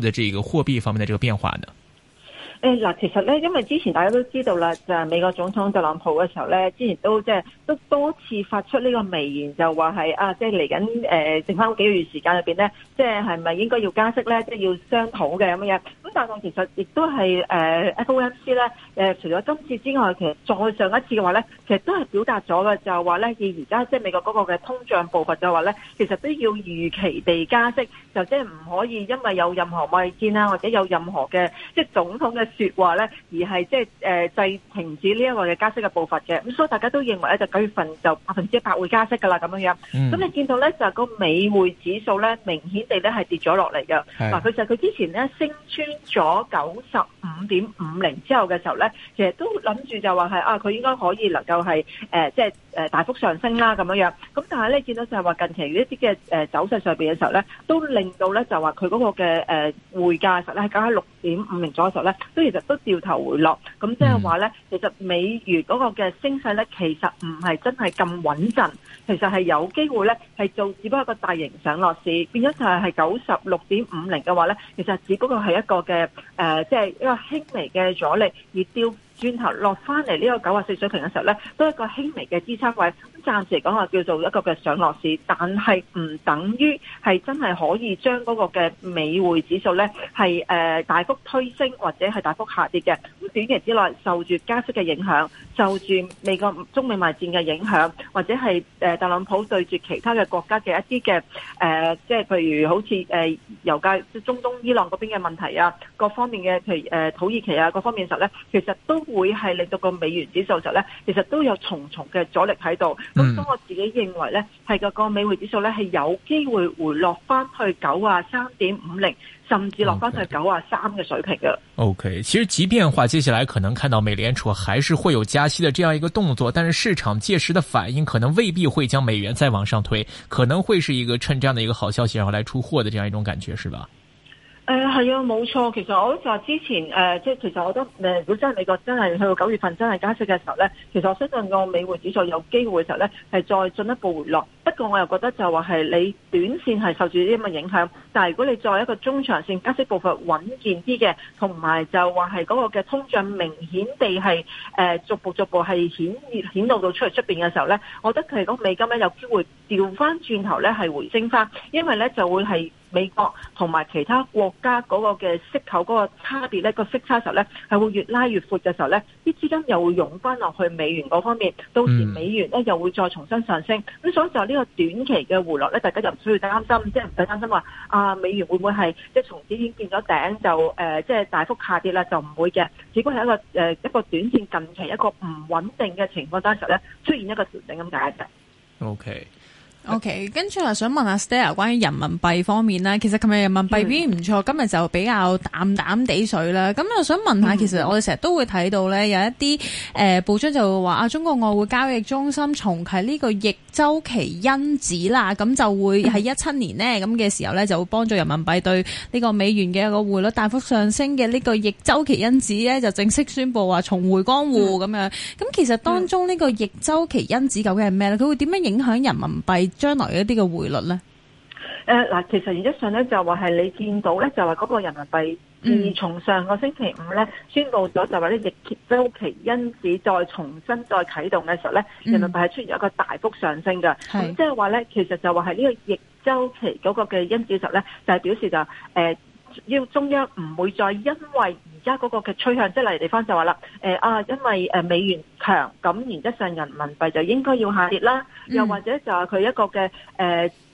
的這個貨幣方面的這個變化呢？嗱，其實咧，因為之前大家都知道啦，就係美國總統特朗普嘅時候咧，之前都即、就、係、是、都多次發出呢個微言就、啊，就話係啊，即係嚟緊誒剩翻幾個月時間裏面咧，即係係咪應該要加息咧？即、就、係、是、要商討嘅咁樣。咁但係其實亦都係誒、呃、FOMC 咧、呃，除咗今次之外，其實再上一次嘅話咧，其實都係表達咗嘅，就話咧，以而家即係美國嗰個嘅通脹步伐，就話咧，其實都要預期地加息，就即係唔可以因為有任何貿易戰啊，或者有任何嘅即係總統嘅。說話咧，而係即係誒，制停止呢一個嘅加息嘅步伐嘅，咁所以大家都認為咧，就九月份就百分之一百會加息噶啦，咁樣樣。咁、嗯、你見到咧，就個美匯指數咧，明顯地咧係跌咗落嚟嘅。嗱是，其實佢之前咧升穿咗九十五點五零之後嘅時候咧，其實都諗住就話係啊，佢應該可以能夠係誒、呃，即係。誒，大幅上升啦咁樣樣，咁但係咧，見到就係話近期呢一啲嘅誒走勢上邊嘅時候咧，都令到咧就話佢嗰個嘅誒匯價嘅時候咧，係搞喺六點五零左右嘅時候咧，都其實都掉頭回落，咁即係話咧，其實美元嗰個嘅升勢咧，其實唔係真係咁穩陣，其實係有機會咧係做，只不過一個大型上落市，變咗就係九十六點五零嘅話咧，其實只不過係一個嘅誒，即係一個輕微嘅阻力而掉。轉頭落翻嚟呢個九啊四水平嘅時候咧，都係一個輕微嘅支撐位。暫時嚟講啊，叫做一個嘅上落市，但係唔等於係真係可以將嗰個嘅美匯指數咧係誒大幅推升或者係大幅下跌嘅。咁短期之內受住加息嘅影響，受住美國中美貿易戰嘅影響，或者係誒特朗普對住其他嘅國家嘅一啲嘅誒，即、呃、係、就是、譬如好似誒油價即係中東伊朗嗰邊嘅問題啊，各方面嘅譬如誒土耳其啊，各方面嘅時候咧，其實都會係令到個美元指數嘅時候咧，其實都有重重嘅阻力喺度。咁，所、嗯、我自己認為呢，係個個美匯指數呢，係有機會回落翻去九啊三點五零，甚至落翻去九啊三嘅水平嘅。Okay. OK，其實即便話接下來可能看到美聯儲還是會有加息的這樣一個動作，但是市場屆時的反應可能未必會將美元再往上推，可能會是一個趁這樣的一個好消息然後來出貨的這樣一種感覺，是吧？誒係啊，冇、嗯、錯。其實我都就話之前誒，即、呃、係其實我覺得如果真係美國真係去到九月份真係加息嘅時候咧，其實我相信個美匯指數有機會嘅時候咧，係再進一步回落。不過我又覺得就話係你短線係受住啲咁嘅影響，但係如果你作為一個中長線加息步伐穩健啲嘅，同埋就話係嗰個嘅通脹明顯地係誒、呃、逐步逐步係顯顯露到出嚟出面嘅時候咧，我覺得佢嗰美金咧有機會調翻轉頭咧係回升翻，因為咧就會係。美國同埋其他國家嗰個嘅息口嗰個差別咧，個息差時候咧，係會越拉越闊嘅時候咧，啲資金又會湧翻落去美元嗰方面，到時美元咧又會再重新上升。咁、嗯、所以就呢個短期嘅回落咧，大家就唔需要擔心，即係唔使擔心話啊美元會唔會係即係從此已經變咗頂就即係、呃即係、大幅下跌啦，就唔會嘅，只不過係一個、呃、一個短線近期一個唔穩定嘅情況當時候咧出現一個調整咁解嘅。O K。O.K.，跟住啊，想問下 Stella 關於人民幣方面啦。其實琴日人民幣表現唔錯，嗯、今日就比較淡淡地水啦。咁又想問下，嗯、其實我哋成日都會睇到咧，有一啲誒報章就會話啊，中國外匯交易中心重啟呢個逆周期因子啦。咁就會喺一七年呢，咁嘅時候咧，就會幫助人民幣對呢個美元嘅一個匯率大幅上升嘅呢個逆周期因子咧，就正式宣布話重回江湖咁樣。咁其實當中呢個逆周期因子究竟係咩咧？佢會點樣影響人民幣？將來一啲嘅匯率咧？誒、嗯，嗱、嗯，其實原則上咧就話係你見到咧就話嗰個人民幣，自從上個星期五咧宣布咗就話咧逆周期因子再重新再啟動嘅時候咧，人民幣係出現一個大幅上升嘅，咁即係話咧，其實就話係呢個逆周期嗰個嘅因子實咧就係表示就誒，要中央唔會再因為。而家嗰個嘅趨向，即係例如地方就話啦，誒、呃、啊，因為誒美元強，咁原則上人民幣就應該要下跌啦。又或者就係佢一個嘅誒、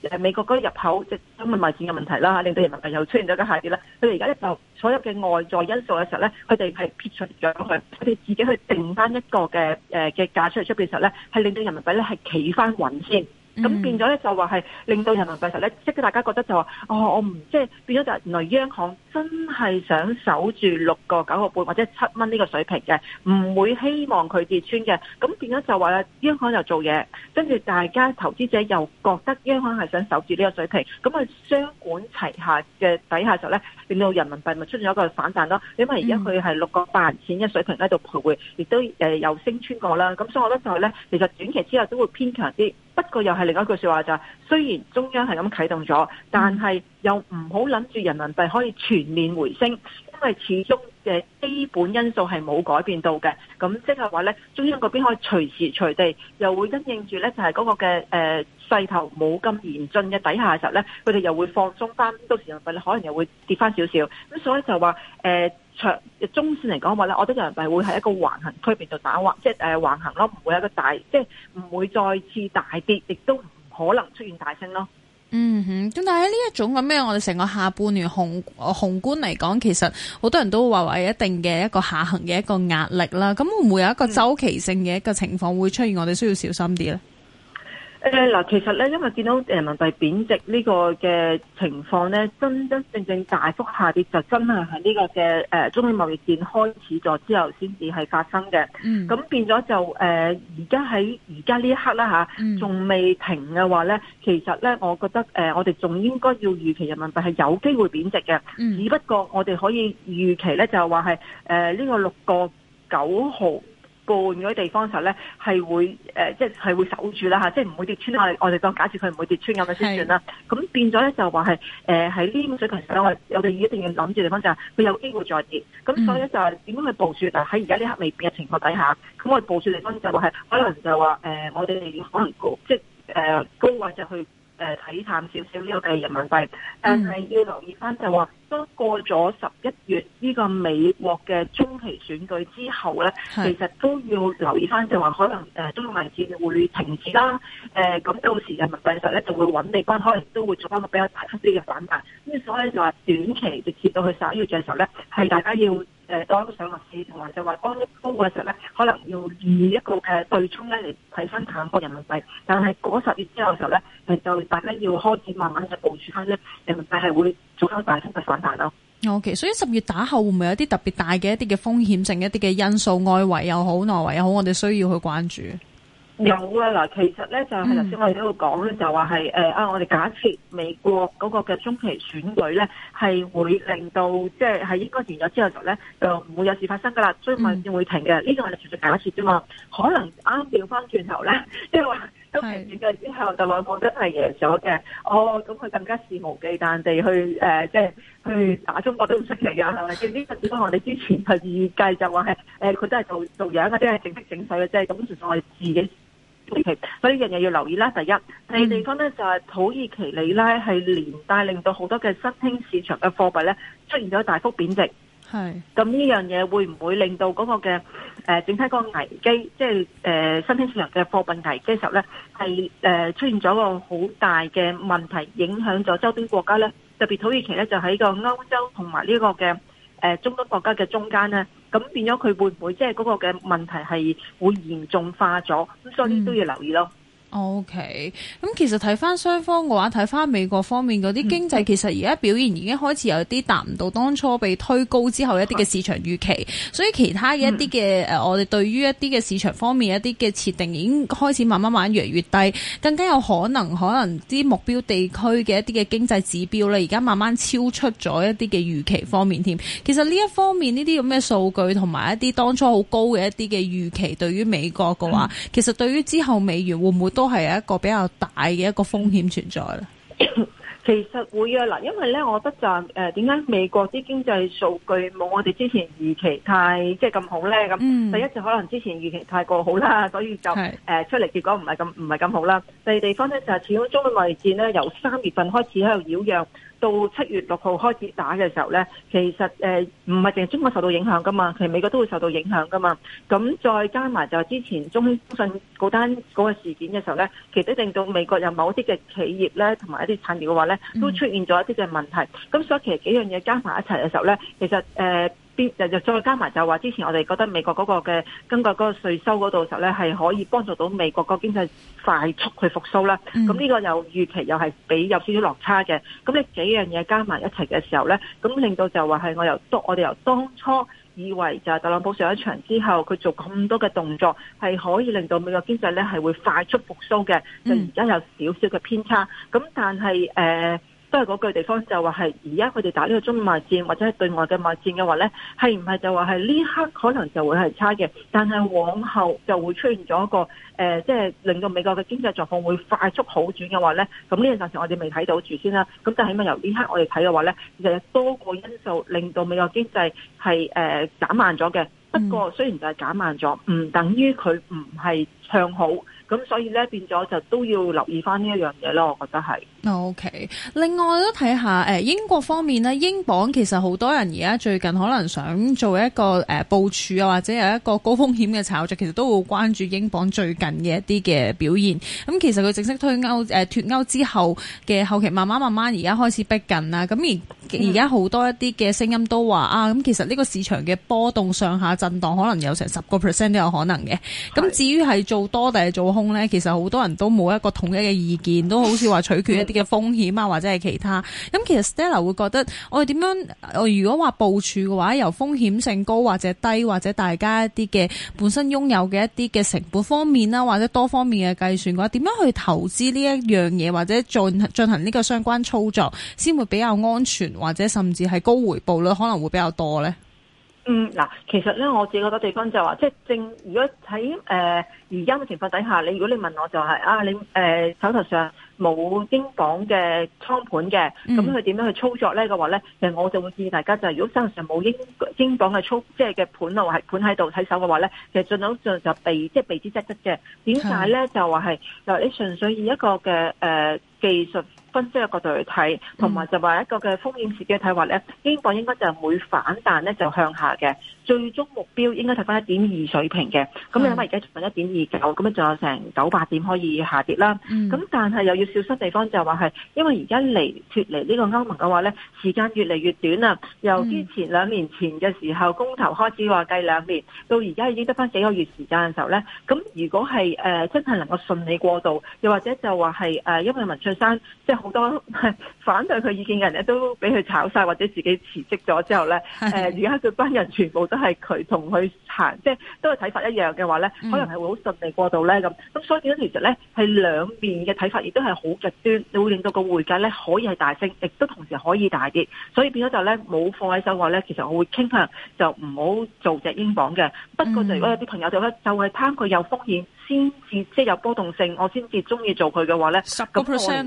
呃、美國嗰啲入口即係貿易戰嘅問題啦，令到人民幣又出現咗個下跌啦。佢哋而家咧就所有嘅外在因素嘅時候咧，佢哋係撇除咗佢，佢哋自己去定翻一個嘅誒嘅價出嚟出邊嘅時候咧，係令到人民幣咧係企翻穩先。咁、嗯、變咗咧就話係令到人民幣實咧，即係大家覺得就話，哦，我唔即係變咗就原來央行真係想守住六個九個半或者七蚊呢個水平嘅，唔會希望佢跌穿嘅。咁變咗就話咧，央行又做嘢，跟住大家投資者又覺得央行係想守住呢個水平，咁啊雙管齊下嘅底下就咧，令到人民幣咪出現一個反彈咯。因為而家佢係六個八錢嘅水平喺度徘徊，亦都誒又、呃、升穿過啦。咁所以我覺得就係咧，其實短期之後都會偏強啲。不過又係另一句說話就係，雖然中央係咁啟動咗，但係又唔好諗住人民幣可以全面回升。因為始終嘅基本因素係冇改變到嘅，咁即係話咧，中央嗰邊可以隨時隨地又會因應住咧，就係嗰個嘅誒勢頭冇咁嚴峻嘅底下嘅時候咧，佢哋又會放鬆翻，到時人民幣可能又會跌翻少少，咁所以就話誒長中線嚟講話咧，我覺得人民幣會係一個橫行區邊度打橫，即係誒橫行咯，唔會有一個大，即係唔會再次大跌，亦都唔可能出現大升咯。嗯哼，咁但係呢一種嘅咩，我哋成個下半年宏宏觀嚟講，其實好多人都話話有一定嘅一個下行嘅一個壓力啦。咁會唔會有一個周期性嘅一個情況會出現？我哋需要小心啲咧。嗱，其實咧，因為見到人民幣貶值呢個嘅情況咧，真真正正大幅下跌，就真係喺呢個嘅誒中美貿易戰開始咗之後先至係發生嘅。嗯，咁變咗就誒，而家喺而家呢一刻啦吓，嗯，仲未停嘅話咧，其實咧，我覺得誒，我哋仲應該要預期人民幣係有機會貶值嘅。嗯，只不過我哋可以預期咧，就係話係誒呢個六個九號半嗰啲地方嘅時候咧，係會誒，即係係會守住啦嚇，即係唔會跌穿啊。我哋當假設佢唔會跌穿咁啊先算啦。咁是變咗咧就話係誒喺呢種水平上，我我哋一定要諗住地方就係、是、佢有機會再跌。咁所以就係點樣去部署？喺而家呢刻未變嘅情況底下，咁我哋部署地方就話、是、係可能就話誒、呃，我哋可能高即係誒高或者去。誒，睇、呃、淡少少呢個嘅人民幣，嗯、但係要留意翻就話，當過咗十一月呢個美國嘅中期選舉之後咧，是其實都要留意翻就話，可能誒、呃、都個貿易戰會停止啦。誒、呃，咁到時人民幣嘅時候咧就會穩定返，可能都會做翻個比較大幅啲嘅反彈。咁所以就話短期就跌到去十一月嘅時候咧，係大家要。誒，當一個上落市，同埋就話當一高嘅時候咧，可能要以一個誒對沖咧嚟睇翻淡薄人民幣。但係過十月之後嘅時候咧，就大家要開始慢慢嘅部署翻咧，人民幣係會做翻大幅嘅反彈咯。OK，所以十月打後會唔會有啲特別大嘅一啲嘅風險性一啲嘅因素，外圍又好，內圍又好，我哋需要去關注。有啊嗱，其實咧就係頭先我哋喺度講咧，嗯、就話係誒啊，我哋假設美國嗰個嘅中期選舉咧，係會令到即係係應該完咗之後就咧就唔會有事發生噶啦，所以慢線會停嘅。呢、嗯、個我哋純屬假設啫嘛，可能啱調翻轉頭咧，即係話都係完咗之後就兩個都係贏咗嘅，哦咁佢更加肆無忌憚地去誒，即係去打中國都唔出奇啊！係咪即係呢個只不過我哋之前係預計就話係誒，佢、呃、都係做做樣嘅，即、就、係、是、整色整水嘅即根本就係自己。Okay, 所以樣嘢，要留意啦，第一第二地方咧就係土耳其里拉係連帶令到好多嘅新興市場嘅貨幣咧出現咗大幅貶值，係咁呢樣嘢會唔會令到嗰個嘅誒整體個危機，即係誒新興市場嘅貨幣危機嘅時候咧係誒出現咗個好大嘅問題，影響咗周邊國家咧，特別土耳其咧就喺個歐洲同埋呢個嘅誒中東國家嘅中間咧。咁變咗佢會唔會即係嗰個嘅問題係會嚴重化咗？咁所以都要留意咯。OK，咁其實睇翻雙方嘅話，睇翻美國方面嗰啲經濟，其實而家表現已經開始有啲達唔到當初被推高之後一啲嘅市場預期，嗯、所以其他嘅一啲嘅、嗯、我哋對於一啲嘅市場方面一啲嘅設定已經開始慢慢慢越嚟越低，更加有可能可能啲目標地區嘅一啲嘅經濟指標咧，而家慢慢超出咗一啲嘅預期方面添。其實呢一方面呢啲咁嘅數據同埋一啲當初好高嘅一啲嘅預期，對於美國嘅話，嗯、其實對於之後美元會唔會都都係一個比較大嘅一個風險存在啦。其實會啊，嗱，因為咧，我覺得就誒，點解美國啲經濟數據冇我哋之前預期太即係咁好咧？咁，第一就可能之前預期太過好啦，所以就誒出嚟結果唔係咁唔係咁好啦。第二地方咧就係始終中美貿易戰咧，由三月份開始喺度擾攘。到七月六號開始打嘅時候呢，其實誒唔係淨係中國受到影響噶嘛，其實美國都會受到影響噶嘛。咁再加埋就係之前中興通信嗰單嗰個事件嘅時候呢，其實都令到美國有某啲嘅企業呢，同埋一啲產業嘅話呢，都出現咗一啲嘅問題。咁所以其實幾樣嘢加埋一齊嘅時候呢，其實誒。呃邊就再加埋就係話，之前我哋覺得美國嗰個嘅根據嗰個稅收嗰度時候咧，係可以幫助到美國個經濟快速去復甦啦，嗯。咁呢個又預期又係比有少少落差嘅。咁呢幾樣嘢加埋一齊嘅時候咧，咁令到就話係我由當我哋由當初以為就係特朗普上一場之後，佢做咁多嘅動作係可以令到美國經濟咧係會快速復甦嘅，嗯，就而家有少少嘅偏差。咁但係誒。呃因為嗰句地方就話係，而家佢哋打呢個中美戰或者係對外嘅貿易戰嘅話咧，係唔係就話係呢刻可能就會係差嘅，但係往後就會出現咗一個誒，即、呃、係、就是、令到美國嘅經濟狀況會快速好轉嘅話咧，咁呢段時間我哋未睇到住先啦。咁但係起碼由呢刻我哋睇嘅話咧，其實有多個因素令到美國經濟係誒減慢咗嘅。不過雖然就係減慢咗，唔等於佢唔係向好。咁所以咧變咗就都要留意翻呢一樣嘢咯，我覺得係。OK，另外都睇下，誒，英國方面咧，英鎊其實好多人而家最近可能想做一個誒部署啊，或者有一個高風險嘅炒作，其實都會關注英鎊最近嘅一啲嘅表現。咁、嗯、其實佢正式退歐誒脱歐之後嘅後期，慢慢慢慢而家開始逼近啦。咁而而家好多一啲嘅聲音都話啊，咁其實呢個市場嘅波動上下震盪，可能有成十個 percent 都有可能嘅。咁是的 至於係做多定係做空呢，其實好多人都冇一個統一嘅意見，都好似話取決一啲嘅風險啊，或者係其他。咁其實 Stella 會覺得我哋點樣？我如果話部署嘅話，由風險性高或者低，或者大家一啲嘅本身擁有嘅一啲嘅成本方面啦，或者多方面嘅計算嘅話，點樣去投資呢一樣嘢，或者進進行呢個相關操作先會比較安全？或者甚至係高回報率可能會比較多咧。嗯，嗱，其實咧我自己覺得地方就係話，即係正，正如果喺誒而家嘅情況底下，你如果你問我就係啊，你誒、呃、手頭上冇英鎊嘅倉盤嘅，咁佢點樣去操作咧嘅話咧、就是，其實我就會建議大家就係，如果手頭上冇英英鎊嘅操即係嘅盤咯，或係盤喺度睇手嘅話咧，其實盡量就就避即係避之則吉嘅。點解咧？就話係嗱，你純粹以一個嘅誒。呃技術分析嘅角度去睇，同埋就話一個嘅風險市嘅睇法咧，英鎊應該就係每反彈咧就向下嘅。最終目標應該睇翻一點二水平嘅，咁你諗下而家仲剩一點二九，咁樣仲有成九百點可以下跌啦。咁但係又要小心地方就話係，因為而家離脱離呢個歐盟嘅話咧，時間越嚟越短啦。由之前兩年前嘅時候公投開始話計兩年，到而家已經得翻幾個月時間嘅時候咧，咁如果係誒、呃、真係能夠順利過渡，又或者就話係誒因為文翠珊即係好多反對佢意見嘅人咧都俾佢炒晒，或者自己辭職咗之後咧，而家佢班人全部都。都係佢同佢行，即係都係睇法一樣嘅話咧，可能係會好順利過渡咧咁。咁、嗯、所以變咗，其實咧係兩面嘅睇法，亦都係好極端，你會令到個匯價咧可以係大升，亦都同時可以大跌。所以變咗就咧冇放喺手嘅咧，其實我會傾向就唔好做隻英鎊嘅。不過就如果有啲朋友就咧就係貪佢有風險，先至即係有波動性，我先至中意做佢嘅話咧，十個 percent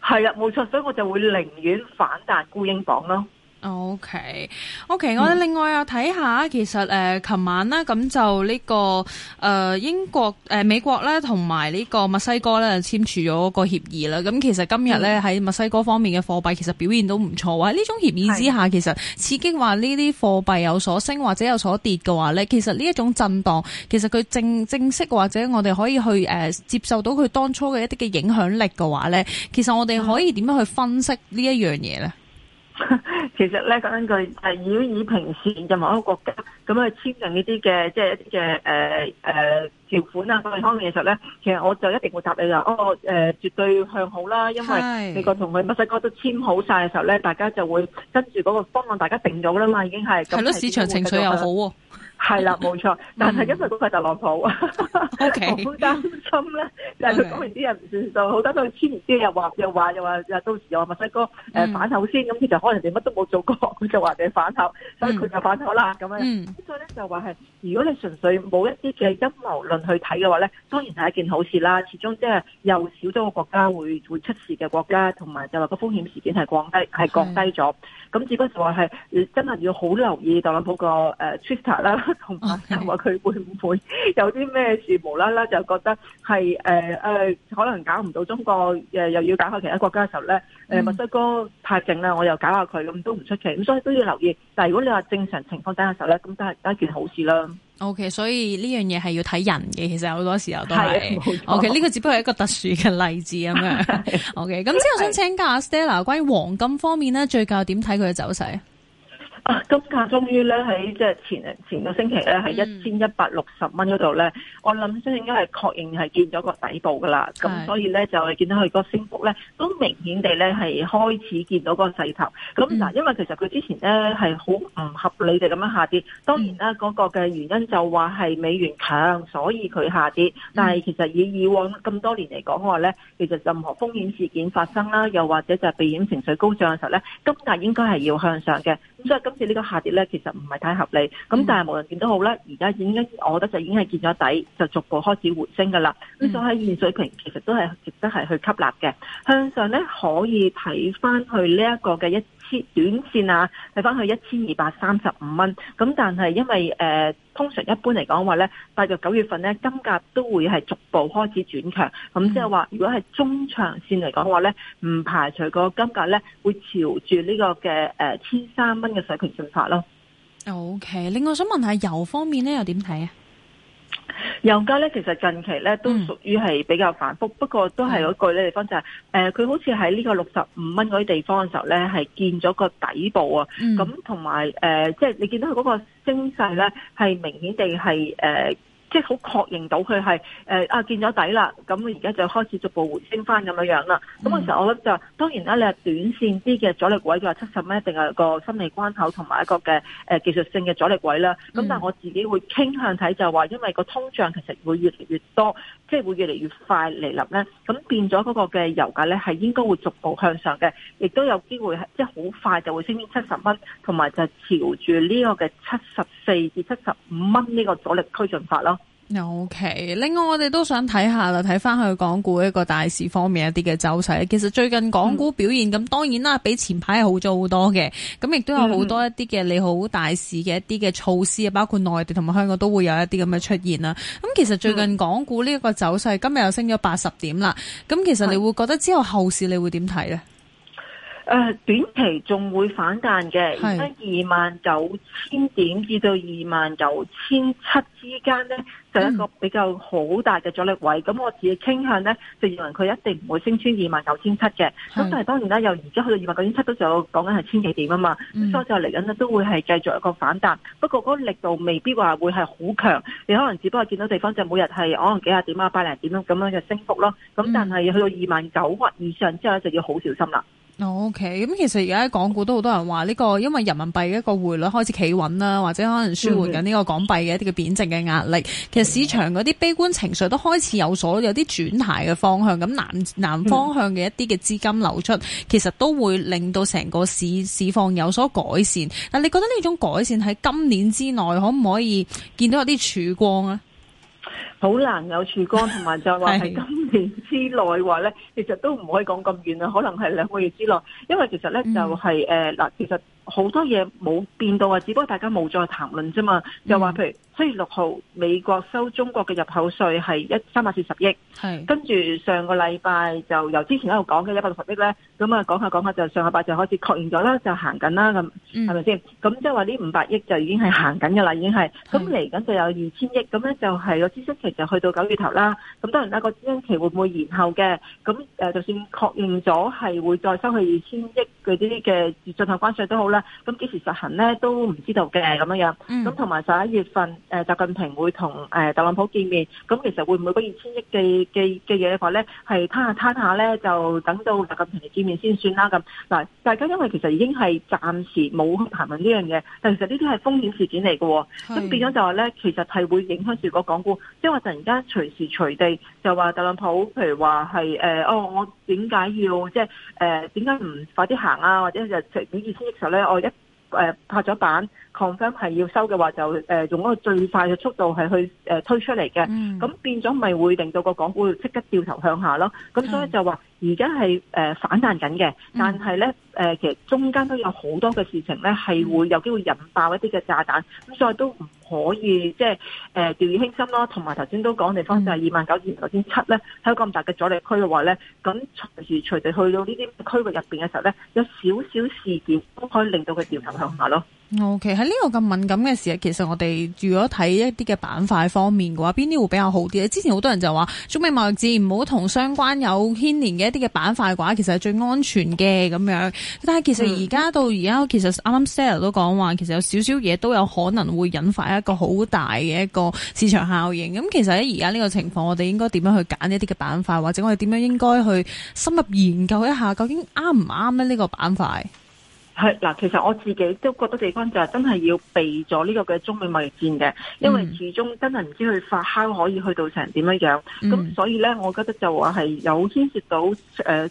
係啦，冇錯、哦啊。所以我就會寧願反彈沽英鎊咯。O K，O K，我哋另外又睇下，其實誒、琴、呃、晚啦咁就呢、這個誒、呃、英國誒、呃、美國咧，同埋呢個墨西哥咧簽署咗個協議啦。咁其實今日咧喺墨西哥方面嘅貨幣其實表現都唔錯。喎，喺呢種協議之下，是其實刺激話呢啲貨幣有所升或者有所跌嘅話咧，其實呢一種震盪，其實佢正正式或者我哋可以去誒、呃、接受到佢當初嘅一啲嘅影響力嘅話咧，其實我哋可以點樣去分析呢一樣嘢咧？ 其實咧，咁樣以係平時任何一個國家，咁去簽訂呢啲嘅即係一啲嘅誒誒條款啊，各方面嘅時候咧，其實我就一定會答你啦，哦誒、呃，絕對向好啦，因為美國同佢墨西哥都簽好晒嘅時候咧，大家就會跟住嗰個方案，大家定咗啦嘛，已經係係咯，市場情緒又好、啊。係啦，冇錯，但係因為嗰個特朗普，我好擔心咧。Okay, okay, 但係佢講完啲嘢唔算數，好多都千年之後又話又話又話，到時又話墨西哥誒反口先。咁其實可能你乜都冇做過，佢就話你反口，所以佢就反口啦咁、嗯、樣。咁再咧就話係，如果你純粹冇一啲嘅陰謀論去睇嘅話咧，當然係一件好事啦。始終即係又少咗個國家會會出事嘅國家，同埋就話個風險事件係降低，係降低咗。咁只不過就話係真係要好留意特朗普個、呃、Twitter 啦。同埋又話佢會唔會有啲咩事無啦啦就覺得係誒誒可能搞唔到中國誒又要搞下其他國家嘅時候咧誒墨西哥太靜啦我又搞下佢咁都唔出奇咁所以都要留意但係如果你話正常情況底下嘅時候咧咁都係一件好事啦。OK 所以呢樣嘢係要睇人嘅，其實好多時候都係。O K 呢個只不過係一個特殊嘅例子咁樣。O K 咁之後想請教阿 Stella 關於黃金方面咧，最近點睇佢嘅走勢？啊，金價終於咧喺即係前前個星期咧，係一千一百六十蚊嗰度咧，我諗即應該係確認係見咗個底部噶啦，咁是所以咧就係見到佢個升幅咧都明顯地咧係開始見到個勢頭。咁嗱、嗯，因為其實佢之前咧係好唔合理地咁樣下跌，當然啦嗰個嘅原因就話係美元強，所以佢下跌。嗯、但係其實以以往咁多年嚟講嘅話咧，其實任何風險事件發生啦，又或者就係避險情緒高漲嘅時候咧，金價應該係要向上嘅。所以今次呢個下跌咧，其實唔係太合理。咁、嗯、但係無論點都好啦，而家已經，我覺得就已經係見咗底，就逐步開始回升噶啦。咁所以喺現水平其，其實都係值得係去吸納嘅。向上咧，可以睇翻去呢一個嘅一。短線啊，睇翻去一千二百三十五蚊，咁但係因為誒、呃，通常一般嚟講話咧，八、九月份咧，金價都會係逐步開始轉強，咁即係話如果係中長線嚟講話咧，唔排除個金價咧會朝住呢、這個嘅誒千三蚊嘅水平進發咯。OK，另外我想問下油方面咧又點睇啊？油價咧，其實近期咧都屬於係比較反覆，嗯、不過都係嗰句咧地方就係、是，誒、呃，佢好似喺呢個六十五蚊嗰啲地方嘅時候咧，係見咗個底部啊，咁同埋誒，即係、呃就是、你見到佢嗰個升勢咧，係明顯地係誒。呃即係好確認到佢係誒啊見咗底啦，咁而家就開始逐步回升翻咁樣樣啦。咁其實我諗就當然啦，你係短線啲嘅阻力位，佢話七十蚊一定係個心理關口，同埋一個嘅技術性嘅阻力位啦。咁、嗯、但我自己會傾向睇就係話，因為個通脹其實會越嚟越多，即、就、係、是、會越嚟越快嚟臨咧，咁變咗嗰個嘅油價咧係應該會逐步向上嘅，亦都有機會即係好快就會升穿七十蚊，同埋就係朝住呢個嘅七十四至七十五蚊呢個阻力區進發咯。有其，okay, 另外我哋都想睇下啦，睇翻去港股一個大市方面一啲嘅走勢。其實最近港股表現咁，嗯、當然啦，比前排係好咗好多嘅。咁亦都有好多一啲嘅利好大市嘅一啲嘅措施，嗯、包括內地同埋香港都會有一啲咁嘅出現啦。咁其實最近港股呢一個走勢，今日又升咗八十點啦。咁、嗯、其實你會覺得之後後市你會點睇呢？誒、呃，短期仲會反彈嘅，而家二萬九千點至到二萬九千七之間呢。嗯、一個比較好大嘅阻力位，咁我自己傾向咧，就認為佢一定唔會升穿二萬九千七嘅。咁是但係當然啦，由而家去到二萬九千七都仲有講緊係千幾點啊嘛。嗯、所以就嚟緊咧都會係繼續有一個反彈，不過嗰個力度未必話會係好強。你可能只不過見到地方就每日係可能幾廿點啊、百零點咁樣嘅升幅咯。咁但係去到二萬九或以上之後咧，就要好小心啦。O K，咁其實而家港股都好多人話呢個，因為人民幣嘅一個匯率開始企穩啦，或者可能舒緩緊呢個港幣嘅一啲嘅貶值嘅壓力。的其實市場嗰啲悲觀情緒都開始有所，有啲轉軚嘅方向。咁南南方向嘅一啲嘅資金流出，的其實都會令到成個市市況有所改善。但你覺得呢種改善喺今年之內可唔可以見到有啲曙光啊？好難有曙光，同埋就話係今。 之內話咧，其實都唔可以講咁遠啦，可能係兩個月之內，因為其實咧、嗯、就係誒嗱，其實好多嘢冇變到啊，只不過大家冇再談論啫嘛。嗯、就話譬如七月六號美國收中國嘅入口稅係一三百四十億，係是跟住上個禮拜就由之前一路講嘅一百六十億咧，咁啊講下講下就上個八就開始確認咗啦，就行緊啦咁，係咪先？咁即係話呢五百億就已經係行緊嘅啦，已經係咁嚟緊就有二千億，咁咧就係個諮詢期就去到九月頭啦。咁當然啦個諮詢期。會唔會延後嘅？咁誒，就算確認咗係會再收去二千億嗰啲嘅進口關稅都好啦。咁幾時實行咧都唔知道嘅咁樣樣。咁同埋十一月份誒，習近平會同誒特朗普見面。咁其實會唔會嗰二千億嘅嘅嘅嘢嘅話咧，係攤下攤下咧，就等到習近平嚟見面先算啦。咁嗱，大家因為其實已經係暫時冇談論呢樣嘢，但其實呢啲係風險事件嚟嘅。咁是變咗就話、是、咧，其實係會影響住個港股，因為突然間隨時隨地就話特朗普。好，譬如話係誒，哦，我為什麼、就是呃、為什麼點解要即係誒，點解唔快啲行啊？或者就點二千億嘅時候咧，我一誒、呃、拍咗板 confirm 係要收嘅話，就誒、呃、用嗰個最快嘅速度係去誒、呃、推出嚟嘅，咁、嗯、變咗咪會令到個港股會即刻掉頭向下咯。咁所以就話。嗯而家係誒反彈緊嘅，但係咧誒，其實中間都有好多嘅事情咧，係會有機會引爆一啲嘅炸彈，咁所以都唔可以即係誒掉以輕心咯。同埋頭先都講地方就係二萬九千九千七咧，喺咁大嘅阻力區嘅話咧，咁隨時隨地去到呢啲區域入邊嘅時候咧，有少少事件都可以令到佢調頭向下咯。OK，喺呢個咁敏感嘅時日，其實我哋如果睇一啲嘅板塊方面嘅話，邊啲會比較好啲？之前好多人就話中美貿易戰唔好同相關有牽連嘅一啲嘅板塊嘅話，其實係最安全嘅咁樣。但係其實而家到而家，嗯、其實啱啱 Sarah 都講話，其實有少少嘢都有可能會引發一個好大嘅一個市場效應。咁、嗯、其實喺而家呢個情況，我哋應該點樣去揀一啲嘅板塊，或者我哋點樣應該去深入研究一下，究竟啱唔啱咧？呢個板塊？係嗱，其實我自己都覺得地方就係真係要避咗呢個嘅中美貿易戰嘅，嗯、因為始終真係唔知佢發酵可以去到成點樣樣，咁、嗯、所以咧，我覺得就話係有牽涉到誒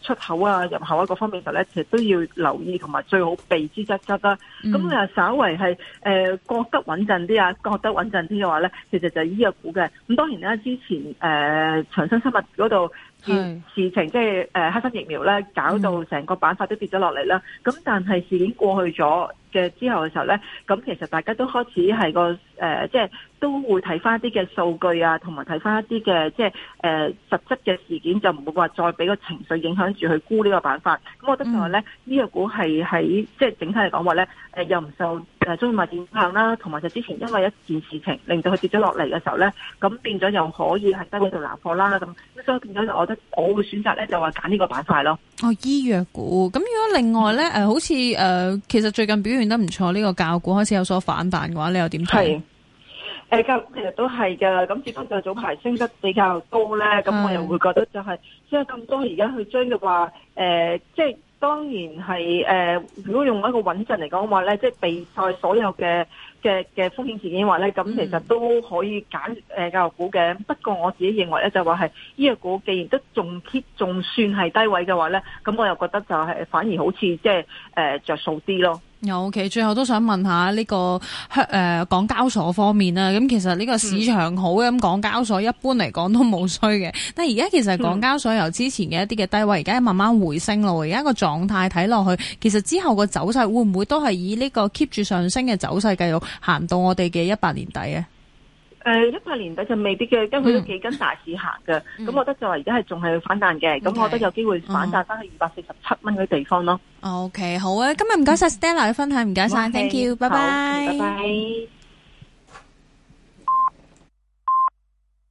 出口啊、入口啊各、那個、方面就候咧，其實都要留意同埋最好避之則吉啦。咁你、嗯、稍為係誒覺得穩陣啲啊，覺得穩陣啲嘅話咧，其實就依個股嘅。咁當然啦，之前誒、呃、長生生物嗰度。件事情即係誒黑心疫苗咧，搞到成個板塊都跌咗落嚟啦。咁但係事件過去咗嘅之後嘅時候咧，咁其實大家都開始係個誒，即、呃、係。即係都會睇翻一啲嘅數據啊，同埋睇翻一啲嘅即係誒、呃、實質嘅事件，就唔會話再俾個情緒影響住去估呢個板塊。咁、嗯，嗯、我覺得就話咧醫藥股係喺即係整體嚟講話咧誒，又唔受誒、呃、中埋電棒啦，同埋就之前因為一件事情令到佢跌咗落嚟嘅時候咧，咁變咗又可以喺低位度拿貨啦。咁，所以變咗我覺得我會選擇咧就話揀呢個板塊咯。哦，醫藥股。咁如果另外咧誒、嗯呃，好似誒、呃、其實最近表現得唔錯呢個教股開始有所反彈嘅話，你又點睇？誒，教其實都係嘅，咁只不過早排升得比較高咧，咁我又會覺得就係、是，即係咁多而家去將嘅話，誒、呃，即、就、係、是、當然係誒、呃，如果用一個穩陣嚟講話咧，即係避曬所有嘅嘅嘅風險事件話咧，咁其實都可以揀誒、呃、教育股嘅。不過我自己認為咧，就話係呢個股既然都仲貼，仲算係低位嘅話咧，咁我又覺得就係反而好似即係誒著數啲咯。有，其、okay，最後都想問一下呢、這個香誒、呃、港交所方面啦。咁其實呢個市場好，咁、嗯、港交所一般嚟講都冇衰嘅。但係而家其實港交所由之前嘅一啲嘅低位，而家慢慢回升咯。而家個狀態睇落去，其實之後個走勢會唔會都係以呢個 keep 住上升嘅走勢繼續行到我哋嘅一八年底啊？誒、呃，一八年底就未必嘅，因為佢都幾跟大市行嘅，咁、嗯、我覺得就話而家係仲係反彈嘅，咁 Okay, 我覺得有機會反彈翻去二百四十七蚊嘅地方咯。OK，好啊，今日唔該晒 Stella 嘅分享，唔該晒，thank you，拜拜，拜拜。Bye bye